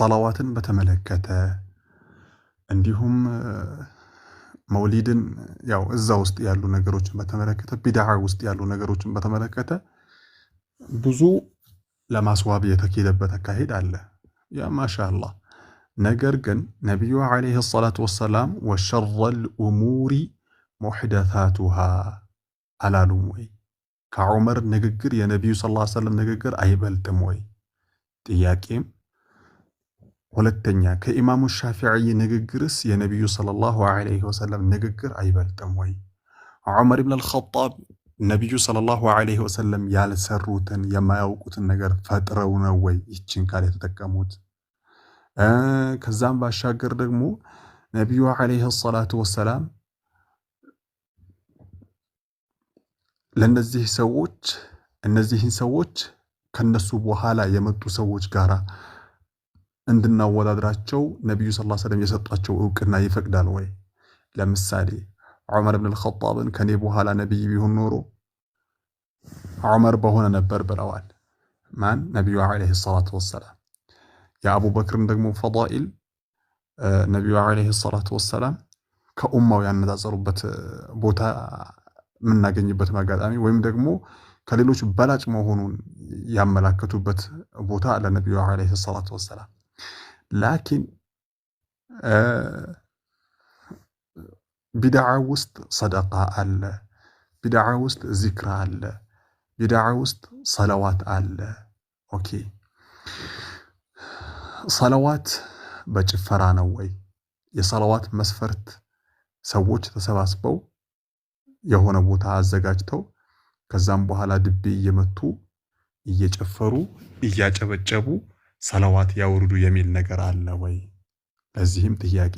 ሰላዋትን በተመለከተ እንዲሁም መውሊድን ያው እዛ ውስጥ ያሉ ነገሮችን በተመለከተ ቢድዓ ውስጥ ያሉ ነገሮችን በተመለከተ ብዙ ለማስዋብ የተኬደበት አካሄድ አለ። ያ ማሻአላህ። ነገር ግን ነቢዩ ዓለይሂ ሰላቱ ወሰላም ወሸረል ኡሙሪ ሙሕደታቱሃ አላሉም ወይ? ከዑመር ንግግር የነቢዩ ሰለላሁ ዓለይሂ ወሰለም ንግግር አይበልጥም ወይ? ጥያቄም ሁለተኛ ከኢማሙ ሻፊዕይ ንግግርስ የነቢዩ ሰለላሁ ዐለይሂ ወሰለም ንግግር አይበልጥም ወይ? ዑመር ብን አልኸጣብ ነቢዩ ሰለላሁ ዐለይሂ ወሰለም ያልሰሩትን የማያውቁትን ነገር ፈጥረው ነው ወይ ይችን ቃል የተጠቀሙት? ከዛም ባሻገር ደግሞ ነቢዩ ዐለይሂ ሰላቱ ወሰላም ለእነዚህ ሰዎች እነዚህን ሰዎች ከነሱ በኋላ የመጡ ሰዎች ጋር እንድናወዳድራቸው ነቢዩ ስ ሰለም የሰጧቸው እውቅና ይፈቅዳል ወይ? ለምሳሌ ዑመር ብን አልኸጣብን ከኔ በኋላ ነቢይ ቢሆን ኖሮ ዑመር በሆነ ነበር ብለዋል። ማን ነቢዩ ዓለይሂ ሰላቱ ወሰላም። የአቡበክርን ደግሞ ፈዳኢል ነቢዩ ዓለይሂ ሰላቱ ወሰላም ከኡማው ያነጻጸሩበት ቦታ የምናገኝበት አጋጣሚ ወይም ደግሞ ከሌሎች በላጭ መሆኑን ያመላከቱበት ቦታ ለነቢዩ ዓለይሂ ሰላቱ ወሰላም ላኪን ቢድዓ ውስጥ ሰደቃ አለ፣ ቢድዓ ውስጥ ዚክር አለ፣ ቢድዓ ውስጥ ሰለዋት አለ። ኦኬ ሰለዋት በጭፈራ ነው ወይ? የሰለዋት መስፈርት ሰዎች ተሰባስበው የሆነ ቦታ አዘጋጅተው ከዛም በኋላ ድቤ እየመቱ እየጨፈሩ እያጨበጨቡ ሰለዋት ያውርዱ የሚል ነገር አለ ወይ? ለዚህም ጥያቄ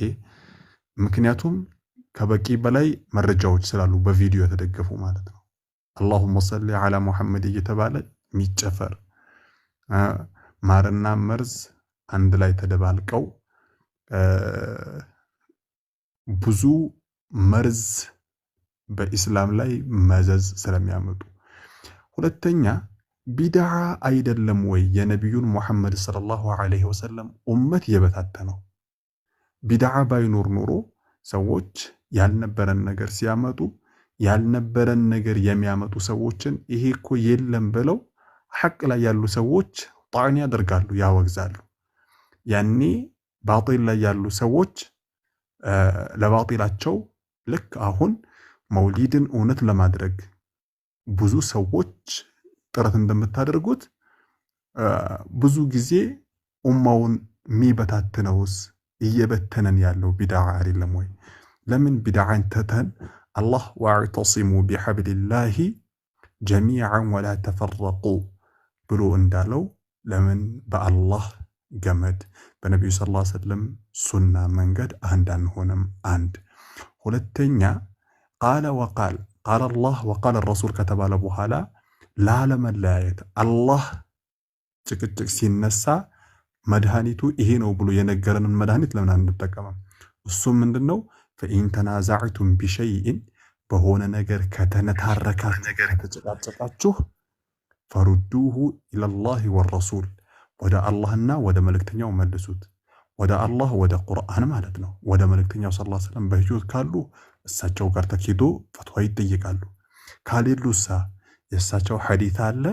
ምክንያቱም ከበቂ በላይ መረጃዎች ስላሉ በቪዲዮ የተደገፉ ማለት ነው። አላሁመ ሰሊ አላ ሙሐመድ እየተባለ የሚጨፈር ማርና መርዝ አንድ ላይ ተደባልቀው ብዙ መርዝ በኢስላም ላይ መዘዝ ስለሚያመጡ ሁለተኛ ቢድዓ አይደለም ወይ የነቢዩን ሙሐመድ ሰለላሁ ዐለይሂ ወሰለም ኡመት የበታተነው? ቢድዓ ባይኖር ኖሮ ሰዎች ያልነበረን ነገር ሲያመጡ ያልነበረን ነገር የሚያመጡ ሰዎችን ይሄ እኮ የለም ብለው ሐቅ ላይ ያሉ ሰዎች ጣዕን ያደርጋሉ፣ ያወግዛሉ። ያኔ ባጢል ላይ ያሉ ሰዎች ለባጢላቸው ልክ አሁን መውሊድን እውነት ለማድረግ ብዙ ሰዎች ጥረት እንደምታደርጉት ብዙ ጊዜ ኡማውን የሚበታትነውስ እየበተነን ያለው ቢድዓ አይደለም ወይ? ለምን ቢድዓን ተተን? አላህ ዋዕተሲሙ ቢሐብሊላሂ ጀሚዓን ወላ ተፈረቁ ብሎ እንዳለው ለምን በአላህ ገመድ በነቢዩ ስ ዐለይሂ ሱና መንገድ አንድ አንሆንም? አንድ ሁለተኛ ቃለ ወቃል ቃለ አላህ ወቃለ ረሱል ከተባለ በኋላ ላለመለያየት አላህ ጭቅጭቅ ሲነሳ መድኃኒቱ ይሄ ነው ብሎ የነገረንን መድኃኒት ለምን አንጠቀምም? እሱም ምንድን ነው? ፈኢን ተናዛዕቱም ቢሸይኢን በሆነ ነገር ከተነታረካችሁ ከተጨቃጨቃችሁ፣ ፈሩዱሁ ኢለላሂ ወረሱል ወደ አላህና ወደ መልእክተኛው መልሱት። ወደ አላህ ወደ ቁርአን ማለት ነው። ወደ መልእክተኛው ሰለላሁ ዐለይሂ ወሰለም በህይወት ካሉ እሳቸው ጋር ተኬዶ ፈትዋ ይጠይቃሉ። ካልሄዱሳ የእሳቸው ሐዲት አለ።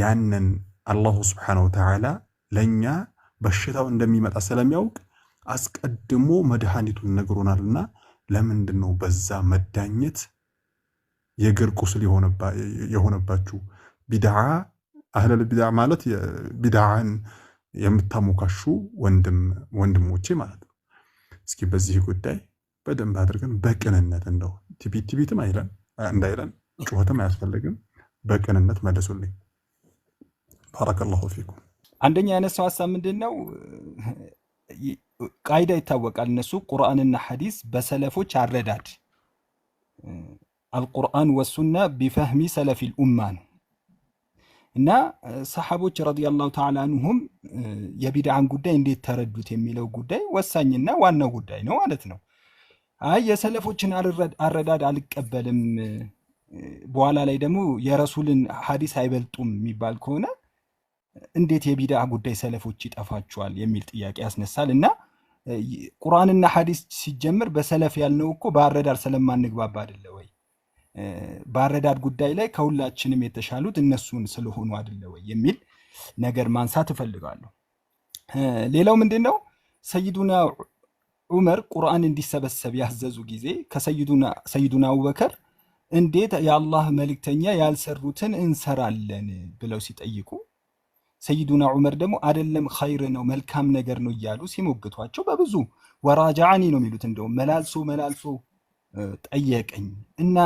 ያንን አላሁ ስብሓነሁ ወተዓላ ለእኛ በሽታው እንደሚመጣ ስለሚያውቅ አስቀድሞ መድኃኒቱን ነግሮናልና ለምንድን ነው በዛ መዳኘት የእግር ቁስል የሆነባችሁ? ቢድዓ አህለል ቢድዓ ማለት ቢድዓን የምታሞካሹ ወንድሞቼ ማለት ነው። እስኪ በዚህ ጉዳይ በደንብ አድርገን በቅንነት እንደው ቲቢት ቲቢትም አይለን እንዳይለን ጩኸትም አያስፈልግም። በቅንነት መለሱልኝ። ባረከላሁ ፊኩም። አንደኛ ያነሳው ሀሳብ ምንድን ነው? ቃይዳ ይታወቃል። እነሱ ቁርአንና ሐዲስ በሰለፎች አረዳድ አልቁርአን ወሱና ቢፈህሚ ሰለፊ ልኡማ ነው እና ሰሓቦች ረዲያላሁ ተዓላ አንሁም የቢድዓን ጉዳይ እንዴት ተረዱት የሚለው ጉዳይ ወሳኝና ዋናው ጉዳይ ነው ማለት ነው። አይ የሰለፎችን አረዳድ አልቀበልም በኋላ ላይ ደግሞ የረሱልን ሀዲስ አይበልጡም የሚባል ከሆነ እንዴት የቢዳ ጉዳይ ሰለፎች ይጠፋቸዋል የሚል ጥያቄ ያስነሳል እና ቁርአንና ሀዲስ ሲጀምር በሰለፍ ያልነው እኮ በአረዳድ ስለማንግባባ አደለ ወይ? በአረዳድ ጉዳይ ላይ ከሁላችንም የተሻሉት እነሱን ስለሆኑ አደለ ወይ የሚል ነገር ማንሳት እፈልጋለሁ። ሌላው ምንድን ነው ሰይዱና ዑመር ቁርአን እንዲሰበሰብ ያዘዙ ጊዜ ከሰይዱና አቡበከር እንዴት የአላህ መልእክተኛ ያልሰሩትን እንሰራለን ብለው ሲጠይቁ ሰይዱና ዑመር ደግሞ አደለም ኸይር ነው መልካም ነገር ነው እያሉ ሲሞግቷቸው በብዙ ወራጃአኒ ነው የሚሉት። እንደውም መላልሶ መላልሶ ጠየቀኝ እና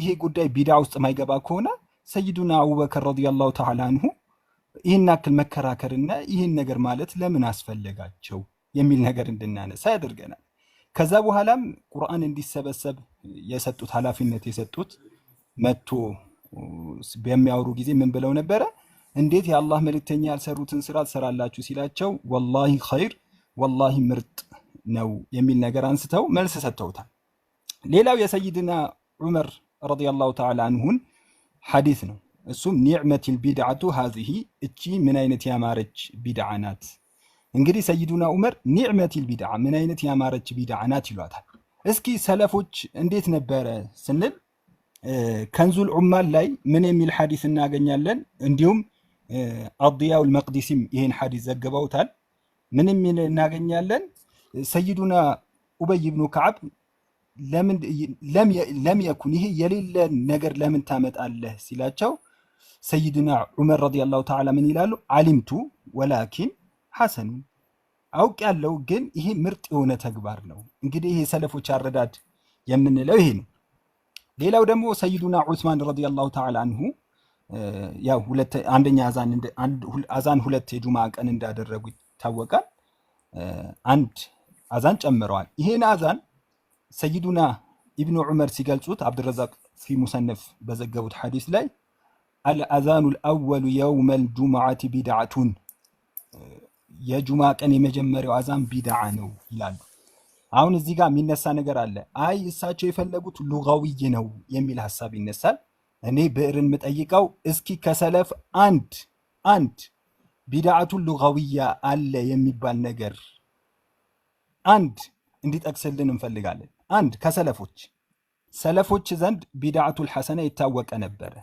ይሄ ጉዳይ ቢዳ ውስጥ ማይገባ ከሆነ ሰይዱና አቡበከር ረዲያላሁ ተዓላ አንሁ ይህን አክል መከራከርና ይህን ነገር ማለት ለምን አስፈለጋቸው የሚል ነገር እንድናነሳ ያደርገናል። ከዛ በኋላም ቁርአን እንዲሰበሰብ የሰጡት ኃላፊነት የሰጡት መጥቶ በሚያወሩ ጊዜ ምን ብለው ነበረ? እንዴት የአላህ መልእክተኛ ያልሰሩትን ስራ ትሰራላችሁ ሲላቸው ወላሂ ኸይር ወላሂ ምርጥ ነው የሚል ነገር አንስተው መልስ ሰጥተውታል። ሌላው የሰይድና ዑመር ረዲየላሁ ተዓላ አንሁን ሐዲስ ነው። እሱም ኒዕመቲል ቢድዓቱ ሃዚሂ፣ እቺ ምን አይነት ያማረች ቢድዓ ናት እንግዲህ ሰይዱና ዑመር ኒዕመቲል ቢድዓ ምን አይነት ያማረች ቢድዓ ናት ይሏታል። እስኪ ሰለፎች እንዴት ነበረ ስንል ከንዙል ዑማል ላይ ምን የሚል ሐዲስ እናገኛለን። እንዲሁም አድያውል መቅዲሲም ይህን ሐዲስ ዘግበውታል። ምን የሚል እናገኛለን? ሰይዱና ኡበይ ብኑ ከዓብ ለም የኩን ይሄ የሌለ ነገር ለምን ታመጣለህ ሲላቸው ሰይድና ዑመር ረዲየላሁ ተዓላ ምን ይላሉ? አሊምቱ ወላኪን ሐሰን አውቅ ያለው ግን ይሄ ምርጥ የሆነ ተግባር ነው። እንግዲህ ይሄ ሰለፎች አረዳድ የምንለው ይሄ ነው። ሌላው ደግሞ ሰይዱና ዑስማን ረዲየላሁ ተዓላ አንሁ ያው ሁለት አንደኛ አዛን ሁለት የጁማ ቀን እንዳደረጉ ይታወቃል። አንድ አዛን ጨምረዋል። ይሄን አዛን ሰይዱና ኢብኑ ዑመር ሲገልጹት አብድረዛቅ ፊ ሙሰነፍ በዘገቡት ሐዲስ ላይ አልአዛኑ አወሉ የውመል ጁምዓቲ ቢድዓቱን የጁማ ቀን የመጀመሪያው አዛን ቢድዓ ነው ይላሉ። አሁን እዚህ ጋር የሚነሳ ነገር አለ። አይ እሳቸው የፈለጉት ሉጋዊይ ነው የሚል ሀሳብ ይነሳል። እኔ ብዕርን የምጠይቀው እስኪ ከሰለፍ አንድ አንድ ቢድዓቱን ሉጋዊያ አለ የሚባል ነገር አንድ እንዲጠቅስልን እንፈልጋለን። አንድ ከሰለፎች ሰለፎች ዘንድ ቢድዓቱል ሐሰና የታወቀ ነበረ።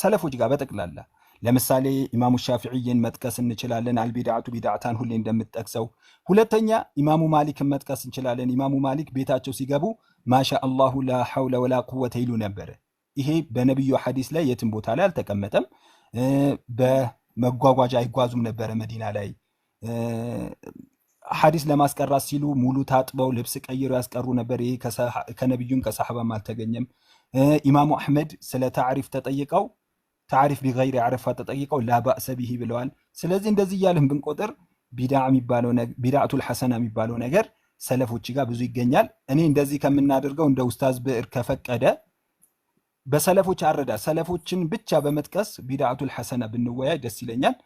ሰለፎች ጋር በጠቅላላ ለምሳሌ ኢማሙ ሻፊዕይን መጥቀስ እንችላለን። አልቢድዓቱ ቢድዓታን ሁሌ እንደምጠቅሰው። ሁለተኛ ኢማሙ ማሊክን መጥቀስ እንችላለን። ኢማሙ ማሊክ ቤታቸው ሲገቡ ማሻ አላሁ ላ ሐውለ ወላ ቁወተ ይሉ ነበረ። ይሄ በነቢዩ ሐዲስ ላይ የትም ቦታ ላይ አልተቀመጠም። በመጓጓዣ አይጓዙም ነበረ መዲና ላይ። ሐዲስ ለማስቀራት ሲሉ ሙሉ ታጥበው ልብስ ቀይረው ያስቀሩ ነበር። ይሄ ከነቢዩን ከሰሐባም አልተገኘም። ኢማሙ አሕመድ ስለ ታዕሪፍ ተጠይቀው ታሪፍ ቢገይር አረፋ ተጠይቀው ላባእሰ ቢሂ ብለዋል። ስለዚህ እንደዚህ እያልን ብንቆጥር ቢድዓቱል ሐሰና የሚባለው ነገር ሰለፎች ጋር ብዙ ይገኛል። እኔ እንደዚህ ከምናደርገው እንደ ኡስታዝ ብዕር ከፈቀደ በሰለፎች አረዳ ሰለፎችን ብቻ በመጥቀስ ቢድዓቱል ሐሰና ብንወያይ ደስ ይለኛል።